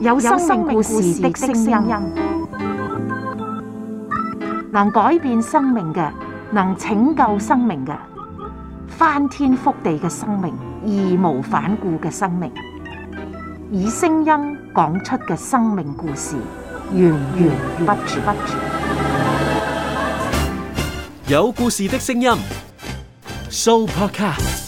有生命故事的聲音，能改變生命嘅，能拯救生命嘅，翻天覆地嘅生命，義無反顧嘅生命，以聲音講出嘅生命故事，源源不絕。有故事的聲音，Soupercast。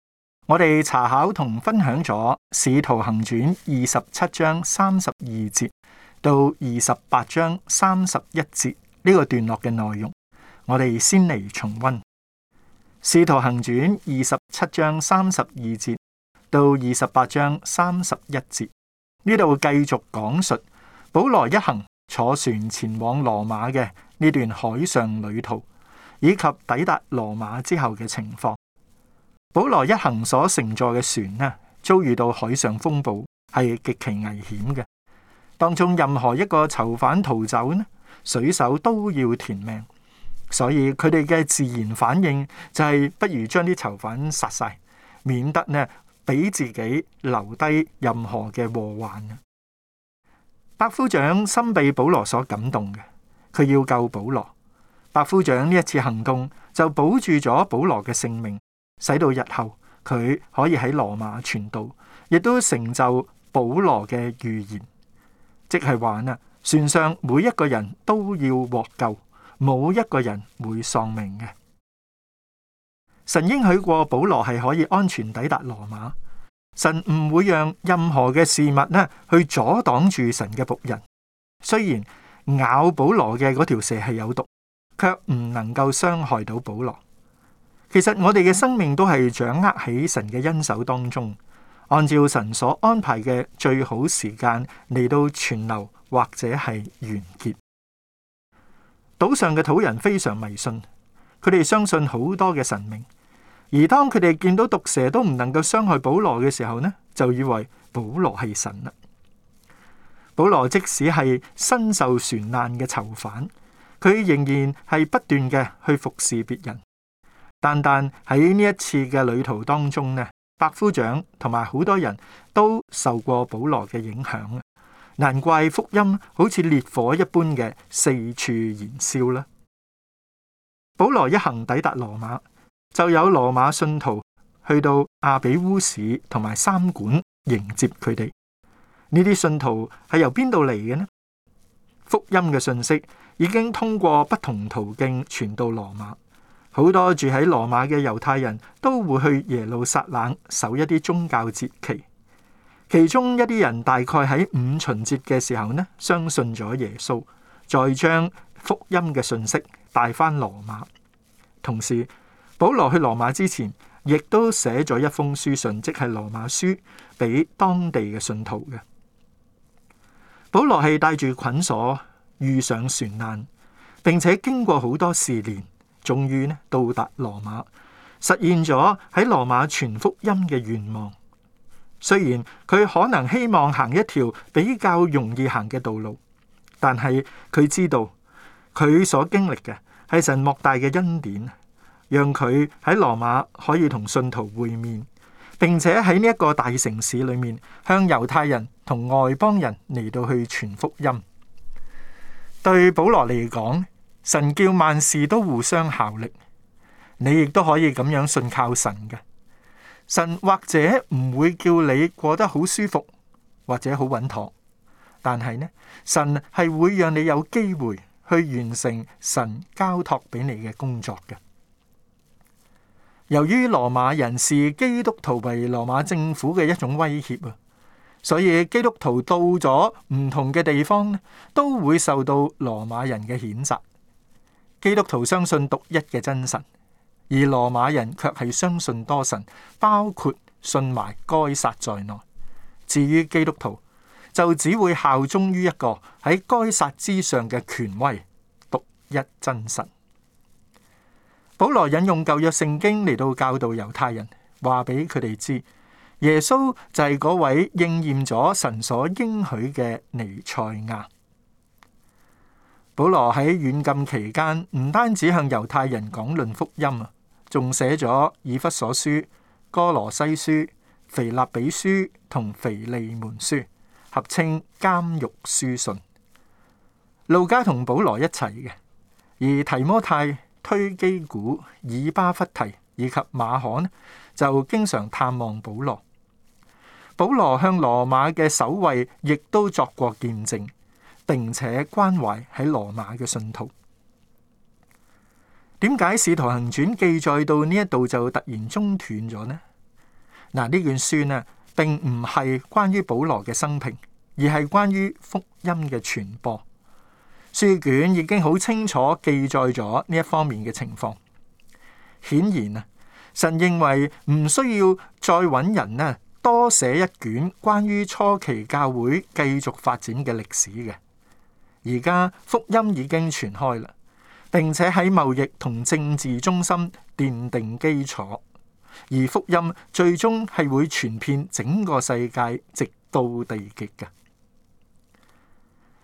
我哋查考同分享咗《使徒行傳》二十七章三十二節到二十八章三十一節呢個段落嘅內容，我哋先嚟重溫《使徒行傳》二十七章三十二節到二十八章三十一節，呢度繼續講述保羅一行坐船前往羅馬嘅呢段海上旅途，以及抵達羅馬之後嘅情況。保羅一行所乘坐嘅船呢，遭遇到海上風暴，係極其危險嘅。當中任何一個囚犯逃走呢，水手都要填命，所以佢哋嘅自然反應就係不如將啲囚犯殺晒，免得呢俾自己留低任何嘅禍患。百夫長心被保羅所感動嘅，佢要救保羅。百夫長呢一次行動就保住咗保羅嘅性命。使到日後佢可以喺羅馬傳道，亦都成就保羅嘅預言，即係話啊，船上每一個人都要獲救，冇一個人會喪命嘅。神應許過保羅係可以安全抵達羅馬，神唔會讓任何嘅事物呢去阻擋住神嘅僕人。雖然咬保羅嘅嗰條蛇係有毒，卻唔能夠傷害到保羅。其實我哋嘅生命都係掌握喺神嘅恩手當中，按照神所安排嘅最好時間嚟到存留或者係完結。島上嘅土人非常迷信，佢哋相信好多嘅神明。而當佢哋見到毒蛇都唔能夠傷害保羅嘅時候呢，就以為保羅係神啦。保羅即使係身受船難嘅囚犯，佢仍然係不斷嘅去服侍別人。但但喺呢一次嘅旅途當中呢，百夫長同埋好多人都受過保羅嘅影響。難怪福音好似烈火一般嘅四處燃燒啦。保羅一行抵達羅馬，就有羅馬信徒去到亞比烏市同埋三館迎接佢哋。呢啲信徒係由邊度嚟嘅呢？福音嘅信息已經通過不同途徑傳到羅馬。好多住喺羅馬嘅猶太人都會去耶路撒冷守一啲宗教節期，其中一啲人大概喺五旬節嘅時候呢，相信咗耶穌，再將福音嘅信息帶翻羅馬。同時，保羅去羅馬之前，亦都寫咗一封書信，即係《羅馬書》，俾當地嘅信徒嘅。保羅係帶住捆鎖，遇上船難，並且經過好多試煉。終於呢，到達羅馬，實現咗喺羅馬傳福音嘅願望。雖然佢可能希望行一條比較容易行嘅道路，但係佢知道佢所經歷嘅係神莫大嘅恩典，讓佢喺羅馬可以同信徒會面，並且喺呢一個大城市裏面向猶太人同外邦人嚟到去傳福音。對保羅嚟講，神叫萬事都互相效力，你亦都可以咁樣信靠神嘅。神或者唔會叫你過得好舒服或者好穩妥。但係呢，神係會讓你有機會去完成神交託俾你嘅工作嘅。由於羅馬人視基督徒為羅馬政府嘅一種威脅啊，所以基督徒到咗唔同嘅地方呢，都會受到羅馬人嘅譴責。基督徒相信獨一嘅真神，而羅馬人卻係相信多神，包括信埋該撒在內。至於基督徒，就只會效忠於一個喺該撒之上嘅權威，獨一真神。保羅引用舊約聖經嚟到教導猶太人，話俾佢哋知，耶穌就係嗰位應驗咗神所應許嘅彌賽亞。保羅喺軟禁期間，唔單止向猶太人講論福音啊，仲寫咗《以弗所書》《哥羅西書》《腓立比書》同《腓利門書》，合稱監獄書信。路加同保羅一齊嘅，而提摩太、推基古、以巴弗提以及馬可呢，就經常探望保羅。保羅向羅馬嘅守衛亦都作過見證。並且關懷喺羅馬嘅信徒，點解《使徒行傳》記載到呢一度就突然中斷咗呢？嗱，呢卷書呢，並唔係關於保羅嘅生平，而係關於福音嘅傳播。書卷已經好清楚記載咗呢一方面嘅情況。顯然啊，神認為唔需要再揾人呢，多寫一卷關於初期教會繼續發展嘅歷史嘅。而家福音已經傳開啦，並且喺貿易同政治中心奠定基礎，而福音最終係會傳遍整個世界，直到地極嘅。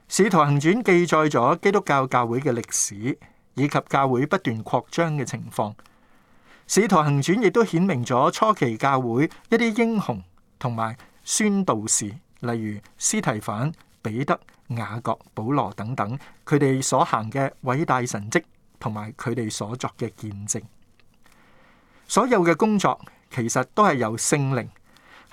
使徒行傳記載咗基督教教會嘅歷史，以及教會不斷擴張嘅情況。使徒行傳亦都顯明咗初期教會一啲英雄同埋宣道士，例如斯提反。彼得、雅各、保羅等等，佢哋所行嘅偉大神蹟，同埋佢哋所作嘅見證，所有嘅工作其實都係由聖靈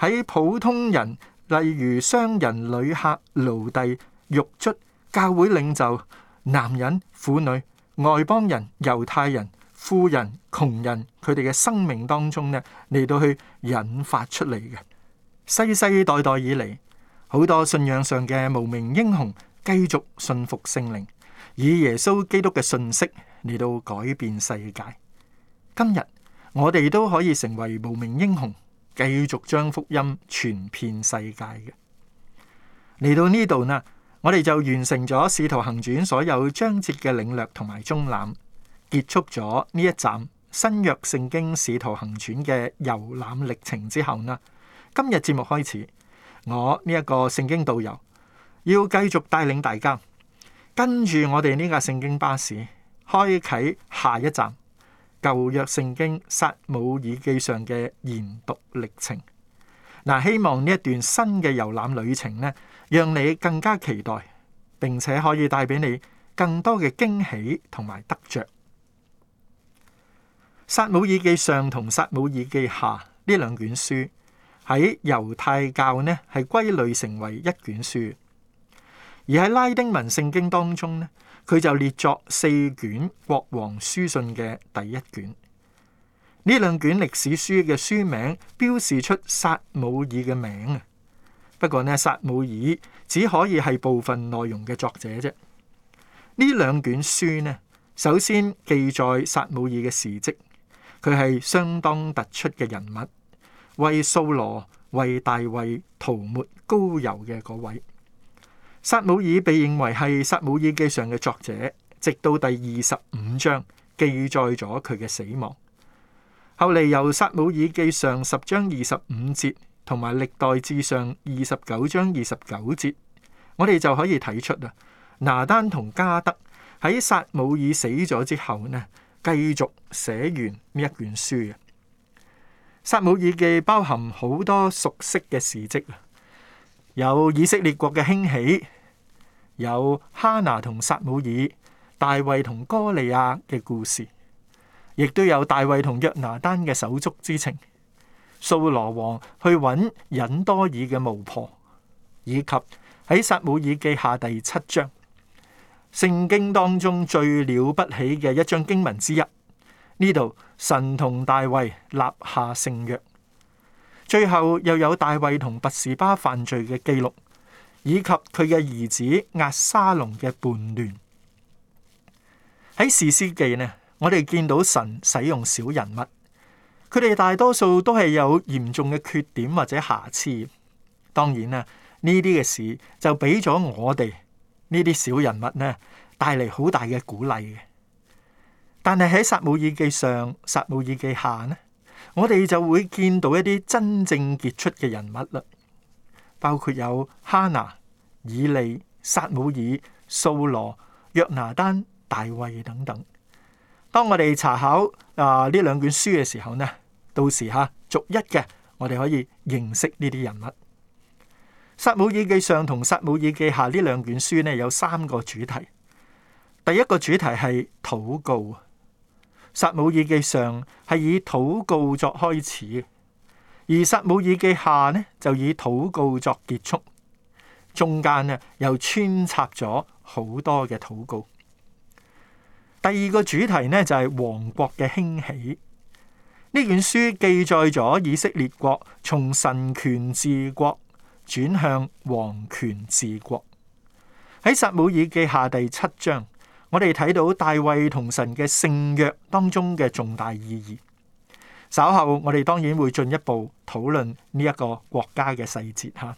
喺普通人，例如商人、旅客、奴隸、獄卒、教會領袖、男人、婦女、外邦人、猶太人、富人、窮人，佢哋嘅生命當中呢，嚟到去引發出嚟嘅。世世代代以嚟。好多信仰上嘅無名英雄繼續信服聖靈，以耶穌基督嘅信息嚟到改變世界。今日我哋都可以成為無名英雄，繼續將福音傳遍世界嘅。嚟到呢度呢，我哋就完成咗《使徒行傳》所有章節嘅領略同埋中覽，結束咗呢一站新約聖經《使徒行傳》嘅遊覽歷程之後呢，今日節目開始。我呢一，這個聖經導遊，要繼續帶領大家，跟住我哋呢架聖經巴士，開啟下一站舊約聖經撒母耳記上嘅研讀歷程。嗱，希望呢一段新嘅遊覽旅程呢，讓你更加期待，並且可以帶俾你更多嘅驚喜同埋得着。撒母耳記上同撒母耳記下呢兩卷書，喺猶太教呢，係歸類成為一卷書；而喺拉丁文聖經當中呢，佢就列作四卷國王書信嘅第一卷。呢兩卷歷史書嘅書名標示出撒母耳嘅名啊。不過呢，撒母耳只可以係部分內容嘅作者啫。呢兩卷書呢，首先記載撒母耳嘅事跡，佢係相當突出嘅人物。為掃羅、為大衛塗抹膏油嘅嗰位，撒母耳被認為係撒母耳記上嘅作者，直到第二十五章記載咗佢嘅死亡。後嚟由撒母耳記上十章二十五節，同埋歷代志上二十九章二十九節，我哋就可以睇出啊，拿單同加德喺撒母耳死咗之後呢，繼續寫完呢一卷書。撒母耳記包含好多熟悉嘅事蹟，有以色列國嘅興起，有哈拿同撒母耳、大衛同哥利亞嘅故事，亦都有大衛同約拿單嘅手足之情。掃羅王去揾引多爾嘅巫婆，以及喺撒母耳記下第七章，聖經當中最了不起嘅一章經文之一。呢度神同大衛立下聖約，最後又有大衛同拔士巴犯罪嘅記錄，以及佢嘅兒子押沙龍嘅叛亂。喺史書記呢，我哋見到神使用小人物，佢哋大多數都係有嚴重嘅缺點或者瑕疵。當然啦，呢啲嘅事就俾咗我哋呢啲小人物呢，帶嚟好大嘅鼓勵嘅。但係喺《撒母耳記上》《撒母耳記下》呢，我哋就會見到一啲真正傑出嘅人物啦，包括有哈拿、以利、撒母耳、掃羅、約拿單、大衛等等。當我哋查考啊呢兩卷書嘅時候呢，到時吓、啊、逐一嘅，我哋可以認識呢啲人物。《撒母耳記上》同《撒母耳記下》呢兩卷書呢，有三個主題。第一個主題係禱告。撒母耳記上係以禱告作開始，而撒母耳記下呢就以禱告作結束，中間呢又穿插咗好多嘅禱告。第二個主題呢就係、是、王國嘅興起，呢卷書記載咗以色列國從神權治國轉向王權治國。喺撒母耳記下第七章。我哋睇到大衛同神嘅聖約當中嘅重大意義。稍後我哋當然會進一步討論呢一個國家嘅細節哈。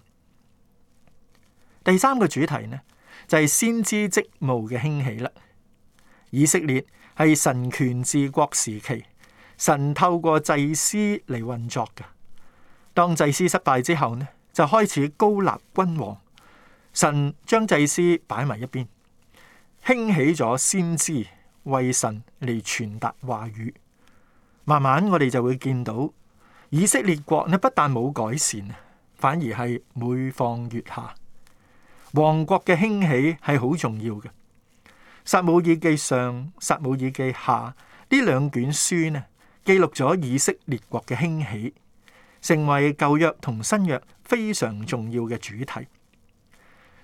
第三個主題呢，就係先知職務嘅興起啦。以色列係神權治國時期，神透過祭司嚟運作嘅。當祭司失敗之後呢，就開始高立君王。神將祭司擺埋一邊。興起咗先知為神嚟傳達話語，慢慢我哋就會見到以色列國，呢不但冇改善，反而係每況愈下。王國嘅興起係好重要嘅。撒母耳記上、撒母耳記下呢兩卷書呢，記錄咗以色列國嘅興起，成為舊約同新約非常重要嘅主題。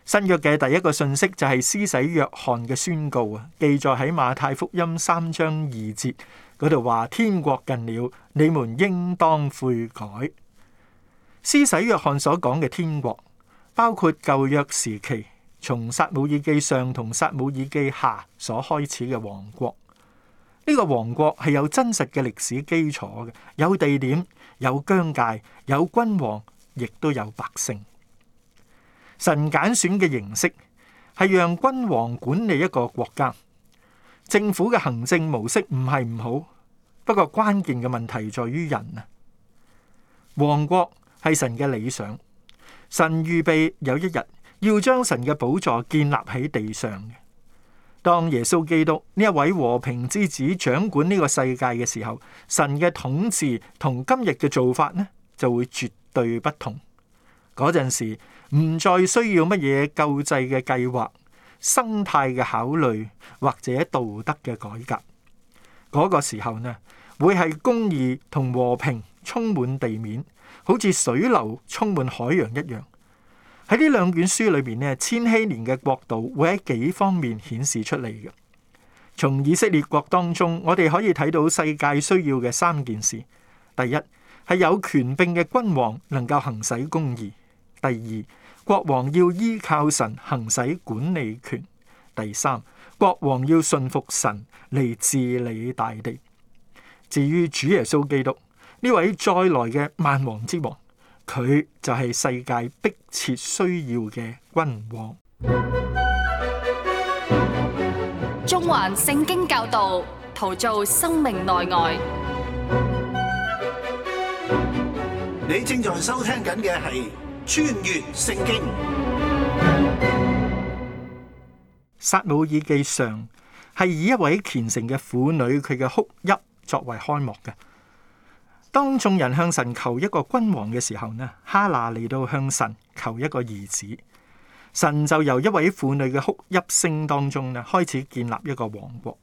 新約嘅第一個信息就係施洗約翰嘅宣告啊，記載喺馬太福音三章二節嗰度話：天國近了，你們應當悔改。施洗約翰所講嘅天國，包括舊約時期從撒母耳記上同撒母耳記下所開始嘅王國。呢個王國係有真實嘅歷史基礎嘅，有地點、有疆界、有君王，亦都有百姓。神揀選嘅形式係讓君王管理一個國家，政府嘅行政模式唔係唔好，不過關鍵嘅問題在於人啊。王國係神嘅理想，神預備有一日要將神嘅寶座建立喺地上嘅。當耶穌基督呢一位和平之子掌管呢個世界嘅時候，神嘅統治同今日嘅做法呢就會絕對不同。嗰陣時。唔再需要乜嘢救濟嘅計劃、生態嘅考慮或者道德嘅改革。嗰、那個時候呢，會係公義同和，和平充滿地面，好似水流充滿海洋一樣。喺呢兩卷書裏面，呢，千禧年嘅國度會喺幾方面顯示出嚟嘅。從以色列國當中，我哋可以睇到世界需要嘅三件事：第一係有權柄嘅君王能夠行使公義；第二。國王要依靠神行使管理權。第三，國王要信服神嚟治理大地。至於主耶穌基督呢位再來嘅萬王之王，佢就係世界迫切需要嘅君王。中環聖經教導，陶造生命內外。你正在收聽緊嘅係。穿越聖經《撒母耳記上》係以一位虔誠嘅婦女佢嘅哭泣作為開幕嘅。當眾人向神求一個君王嘅時候呢，哈拿嚟,到向神求一個兒子，神就由一位婦女嘅哭泣聲當中呢開始建立一個王國。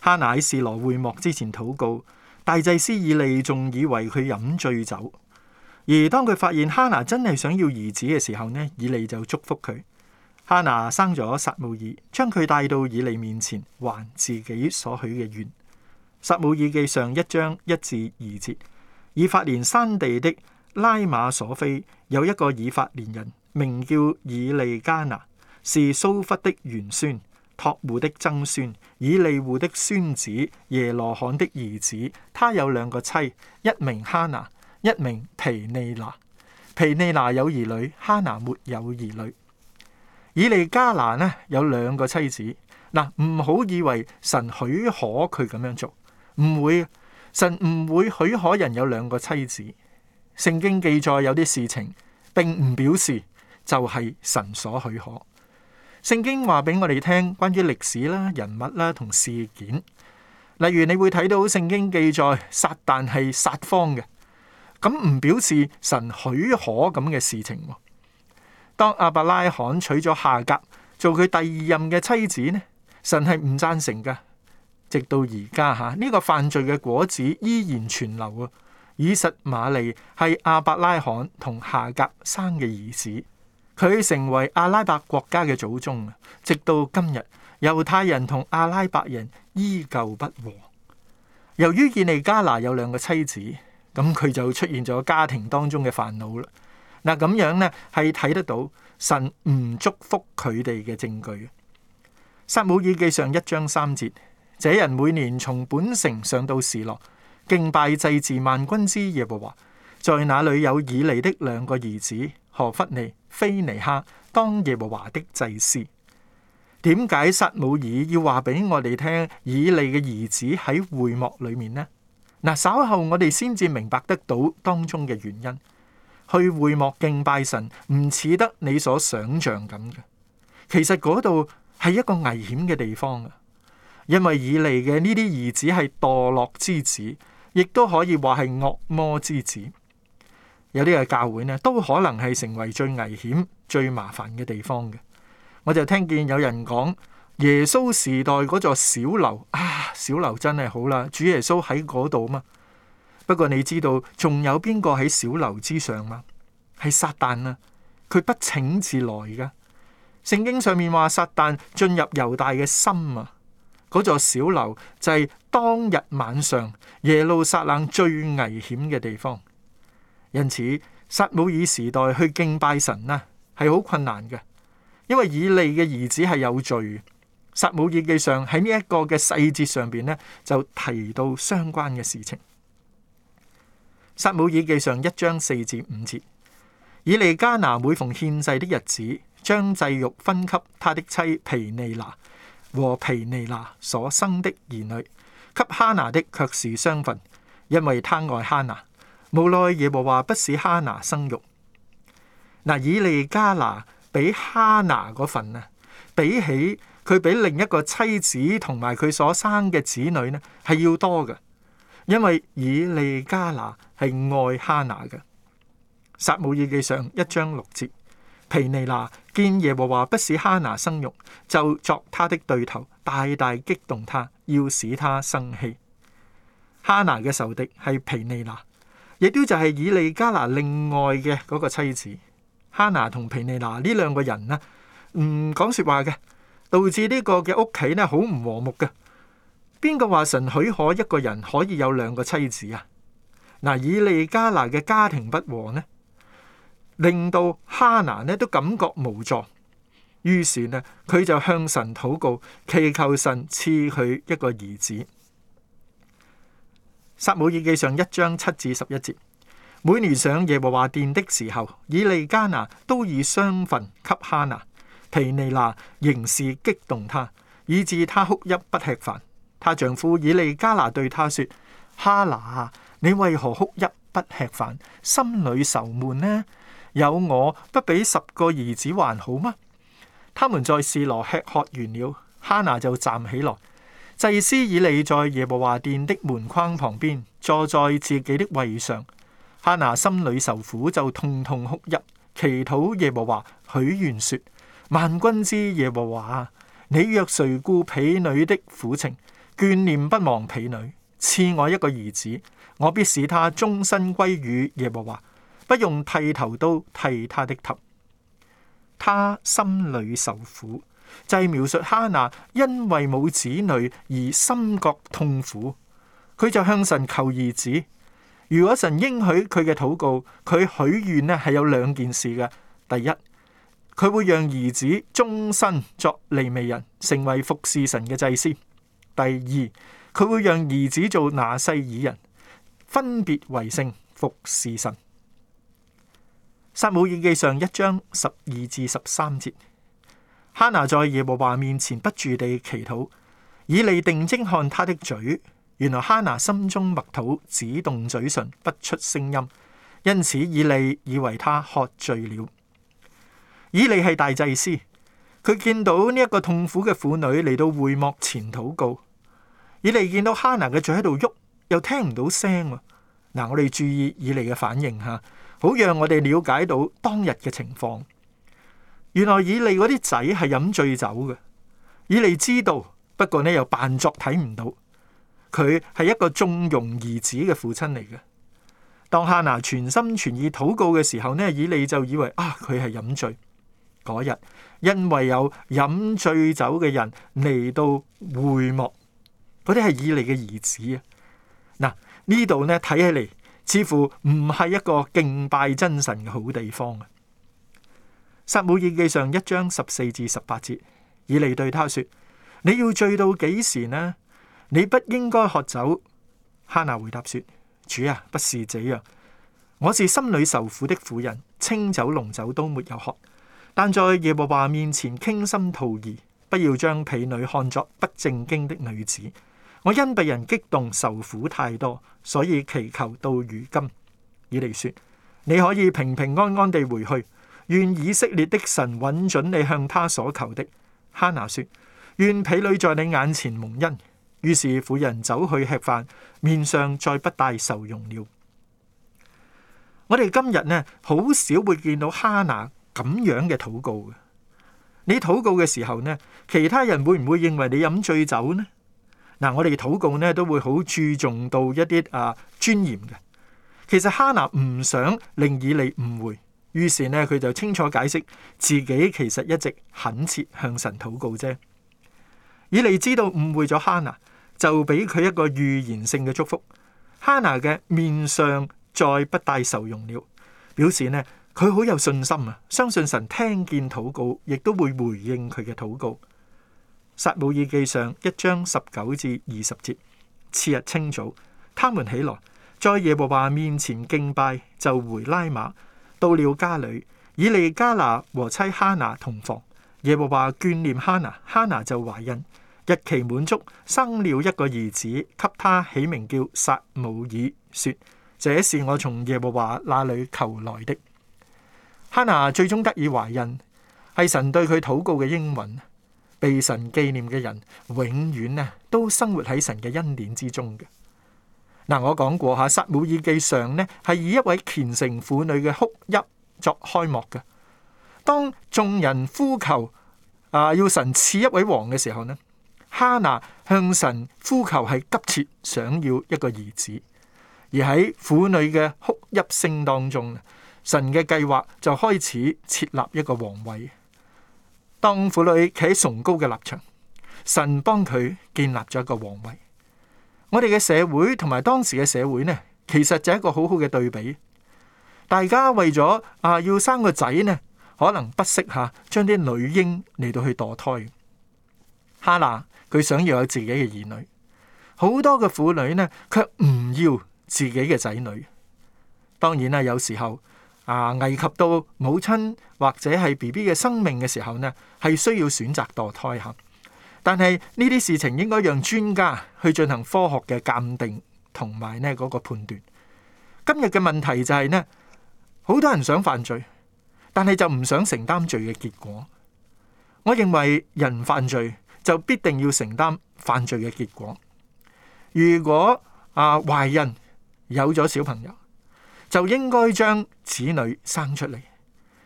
哈拿喺士羅會幕之前禱告，大祭司以利仲以為佢飲醉酒。而當佢發現哈拿真係想要兒子嘅時候呢，以利就祝福佢。哈拿生咗撒母耳，將佢帶到以利面前，還自己所許嘅願。撒母耳記上一章一至二節：以法蓮山地的拉馬瑣非有一個以法蓮人，名叫以利加拿，是蘇弗的玄孫，託戶的曾孫，以利戶的孫子耶羅罕的兒子。他有兩個妻，一名哈拿。一名皮尼娜，皮尼娜有兒女，哈娜沒有兒女。以利加拿呢，有兩個妻子，嗱唔好以為神許可佢咁樣做，唔會，神唔會許可人有兩個妻子。聖經記載有啲事情，並唔表示就係、是、神所許可。聖經話俾我哋聽關於歷史啦、人物啦同事件，例如你會睇到聖經記載撒但係撒謊嘅。咁唔表示神許可咁嘅事情。當亞伯拉罕娶咗夏甲，做佢第二任嘅妻子呢，神係唔贊成嘅。直到而家吓，呢、這個犯罪嘅果子依然存留啊。以實瑪利係亞伯拉罕同夏甲生嘅兒子，佢成為阿拉伯國家嘅祖宗，直到今日，猶太人同阿拉伯人依舊不和。由於以利加拿有兩個妻子。咁佢就出現咗家庭當中嘅煩惱啦。嗱，咁樣呢，係睇得到神唔祝福佢哋嘅證據。撒母耳記上一章三節：這人每年從本城上到示羅敬拜祭祀萬軍之耶和華，在那裏有以利的兩個兒子何弗尼、非尼哈當耶和華的祭司。點解撒母耳要話俾我哋聽以利嘅兒子喺會幕裏面呢？稍後我哋先至明白得到當中嘅原因。去會幕敬拜神，唔似得你所想象咁嘅。其實嗰度係一個危險嘅地方，因為以嚟嘅呢啲兒子係墮落之子，亦都可以話係惡魔之子。有呢個教會咧，都可能係成為最危險、最麻煩嘅地方嘅。我就聽見有人講。耶穌時代嗰座小樓啊，小樓真係好啦。主耶穌喺嗰度嘛。不過你知道仲有邊個喺小樓之上嗎？係撒旦啊，佢不請自來噶。聖經上面話撒旦進入猶大嘅心啊。嗰座小樓就係當日晚上耶路撒冷最危險嘅地方。因此，撒母耳時代去敬拜神啊，係好困難嘅，因為以利嘅兒子係有罪。撒母耳記上喺呢一個嘅細節上邊呢，就提到相關嘅事情。撒母耳記上一章四至五節，以利加拿每逢獻祭的日子，將祭肉分給他的妻皮尼娜，和皮尼娜所生的兒女，給哈拿的卻是雙份，因為他愛哈拿。無奈耶和華不使哈拿生育。嗱，以利加拿俾哈拿嗰份啊，比起，佢比另一個妻子同埋佢所生嘅子女呢，係要多嘅，因為以利加拿係愛哈拿嘅。撒母耳記上一章六節，皮尼拿見耶和華不使哈拿生育，就作他的對頭，大大激動他，要使他生氣。哈拿嘅仇敵係皮尼拿，亦都就係以利加拿另外嘅嗰個妻子。哈拿同皮尼拿呢兩個人呢，唔講説話嘅。導致呢個嘅屋企呢好唔和睦嘅。邊個話神許可一個人可以有兩個妻子啊？嗱，以利加拿嘅家庭不和呢，令到哈拿呢都感覺無助，於是呢佢就向神禱告，祈求神賜佢一個兒子。撒母耳記上一章七至十一節，每年上耶和華殿的時候，以利加拿都以雙份給哈拿。皮尼娜仍是激動他，她以致她哭泣不吃飯。她丈夫以利加拿對她說：哈拿，你為何哭泣不吃飯？心裏愁悶呢？有我不比十個兒子還好嗎？他們在士羅吃喝完了，哈拿就站起來。祭司以利在耶和華殿的門框旁邊坐在自己的位上。哈拿心裏受苦，就痛痛哭泣，祈禱耶和華許願說：萬軍之耶和華，你若垂顧婢女的苦情，眷念不忘婢女，賜我一個兒子，我必使他終身歸於耶和華。不用剃頭刀剃他的頭，他心裏受苦，就係、是、描述哈娜因為冇子女而心覺痛苦。佢就向神求兒子，如果神應許佢嘅禱告，佢許願咧係有兩件事嘅，第一。佢會讓兒子終身作利未人，成為服侍神嘅祭司。第二，佢會讓兒子做拿細耳人，分別為聖服侍神。撒母耳記上一章十二至十三節，哈拿在耶和華面前不住地祈禱，以利定睛看他的嘴，原來哈拿心中默禱，只動嘴唇，不出聲音，因此以利以為他喝醉了。以利係大祭司，佢見到呢一個痛苦嘅婦女嚟到會幕前禱告，以利見到哈拿嘅嘴喺度喐，又聽唔到聲。嗱，我哋注意以利嘅反應吓，好讓我哋了解到當日嘅情況。原來以利嗰啲仔係飲醉酒嘅，以利知道，不過呢又扮作睇唔到。佢係一個縱容兒子嘅父親嚟嘅。當哈拿全心全意禱告嘅時候呢，以利就以為啊，佢係飲醉。嗰日，因為有飲醉酒嘅人嚟到會幕，嗰啲係以利嘅兒子啊。嗱，呢度呢，睇起嚟，似乎唔係一個敬拜真神嘅好地方啊。撒母耳記上一章十四至十八節，以利對他說：你要醉到幾時呢？你不應該喝酒。哈娜回答說：主啊，不是這樣，我是心裏受苦的婦人，清酒濃酒都沒有喝。但在耶和華面前傾心吐意，不要將婢女看作不正經的女子。我因被人激動受苦太多，所以祈求到如今。以利說：你可以平平安安地回去，願以色列的神允准你向他所求的。哈拿說：願婢女在你眼前蒙恩。於是婦人走去吃飯，面上再不帶愁容了。我哋今日呢，好少會見到哈拿。咁樣嘅禱告嘅，你禱告嘅時候呢？其他人會唔會認為你飲醉酒呢？嗱，我哋嘅禱告呢都會好注重到一啲啊尊嚴嘅。其實哈拿唔想令以利誤會，於是呢佢就清楚解釋自己其實一直懇切向神禱告啫。以利知道誤會咗哈拿，就俾佢一個預言性嘅祝福。哈拿嘅面上再不帶愁容了，表示呢。佢好有信心啊！相信神聽見禱告，亦都會回應佢嘅禱告。撒母耳記上一章十九至二十節，次日清早，他們起來，在耶和華面前敬拜，就回拉瑪。到了家裏，以利加拿和妻哈拿同房。耶和華眷念哈拿，哈拿就懷孕，日期滿足，生了一個兒子，給他起名叫撒母耳，說：這是我從耶和華那裏求來的。哈娜最終得以懷孕，係神對佢禱告嘅應允。被神紀念嘅人，永遠呢都生活喺神嘅恩典之中嘅。嗱、嗯，我講過吓，《撒母耳記上》呢係以一位虔誠婦女嘅哭泣作開幕嘅。當眾人呼求啊、呃、要神賜一位王嘅時候呢，哈娜向神呼求係急切想要一個兒子，而喺婦女嘅哭泣聲當中神嘅計劃就開始設立一個皇位，當婦女企喺崇高嘅立場，神幫佢建立咗一個皇位。我哋嘅社會同埋當時嘅社會呢，其實就係一個好好嘅對比。大家為咗啊要生個仔呢，可能不惜下將啲女嬰嚟到去墮胎。哈娜，佢想要有自己嘅兒女，好多嘅婦女呢，卻唔要自己嘅仔女。當然啦，有時候。啊！危及到母親或者係 BB 嘅生命嘅時候呢，係需要選擇墮胎嚇。但係呢啲事情應該讓專家去進行科學嘅鑑定同埋呢嗰個判斷。今日嘅問題就係呢，好多人想犯罪，但係就唔想承擔罪嘅結果。我認為人犯罪就必定要承擔犯罪嘅結果。如果啊懷孕有咗小朋友，就應該將子女生出嚟，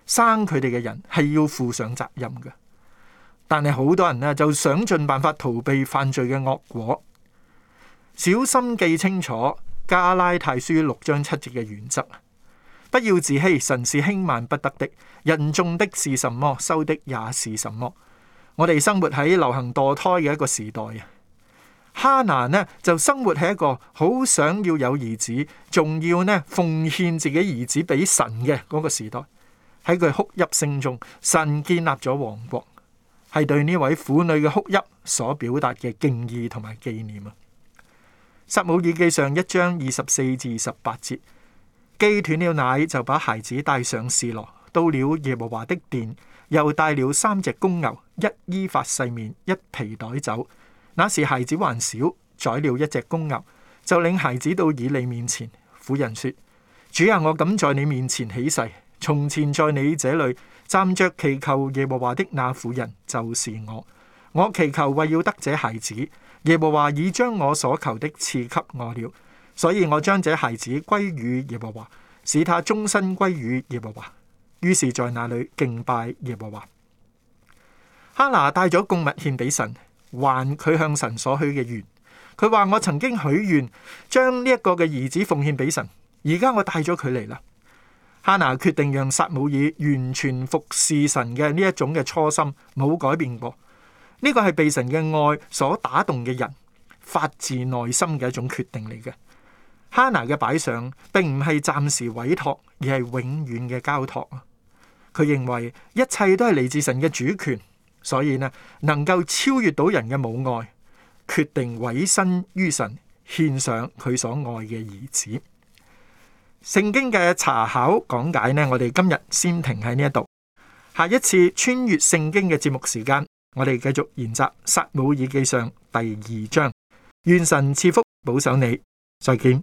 生佢哋嘅人係要負上責任嘅。但係好多人呢，就想盡辦法逃避犯罪嘅惡果，小心記清楚加拉太書六章七節嘅原則。不要自欺，神是輕慢不得的，人種的是什麼，收的也是什麼。我哋生活喺流行墮胎嘅一個時代啊！哈拿呢就生活喺一個好想要有兒子，仲要呢奉獻自己兒子俾神嘅嗰個時代。喺佢哭泣聲中，神建立咗王國，係對呢位婦女嘅哭泣所表達嘅敬意同埋紀念啊。撒母耳記上一章二十四至二十八節，既斷了奶，就把孩子帶上示羅，到了耶和華的殿，又帶了三隻公牛，一衣發細麵，一皮袋酒。」那時孩子還小，宰了一隻公牛，就領孩子到以利面前。婦人說：主啊，我敢在你面前起誓，從前在你這裏站着祈求耶和華的那婦人就是我。我祈求為要得這孩子，耶和華已將我所求的賜給我了，所以我將這孩子歸與耶和華，使他終身歸與耶和華。於是在那裏敬拜耶和華。哈拿帶咗供物獻俾神。還佢向神所許嘅願，佢話，我曾經許願將呢一個嘅兒子奉獻俾神，而家我帶咗佢嚟啦。哈拿決定讓撒母耳完全服侍神嘅呢一種嘅初心冇改變過，呢個係被神嘅愛所打動嘅人發自內心嘅一種決定嚟嘅。哈拿嘅擺上並唔係暫時委託，而係永遠嘅交託。佢認為一切都係嚟自神嘅主權。所以呢，能夠超越到人嘅母愛，決定委身於神，獻上佢所愛嘅兒子。聖經嘅查考講解呢，我哋今日先停喺呢一度。下一次穿越聖經嘅節目時間，我哋繼續研習《撒母耳記上》第二章。願神賜福保守你。再見。